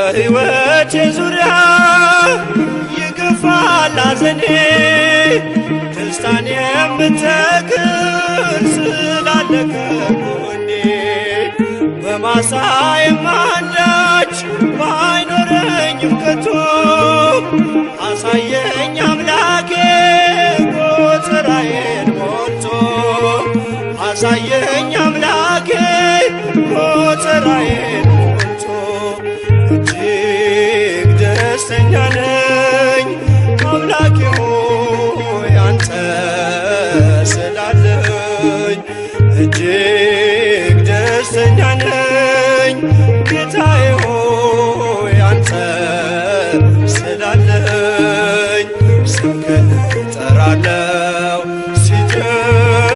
ከህይወቴ ዙሪያ ይገፋል ሐዘኔ ደስታን የምተክል ስላለ ከጎኔ በማሳዬም አንዳች አሳየኝ አምላኬ ጎተራዬን ሞልቶ አሳየኝ አምላኬ ጎተራዬን እጅግ ደስተኛ ነኝ አምላኪ ሆይ አንተ ስላለኝ እጅግ ደስተኛ ነኝ ጌታዬ ሆይ አንተ ስላለኝ ስምህን እጠራለሁ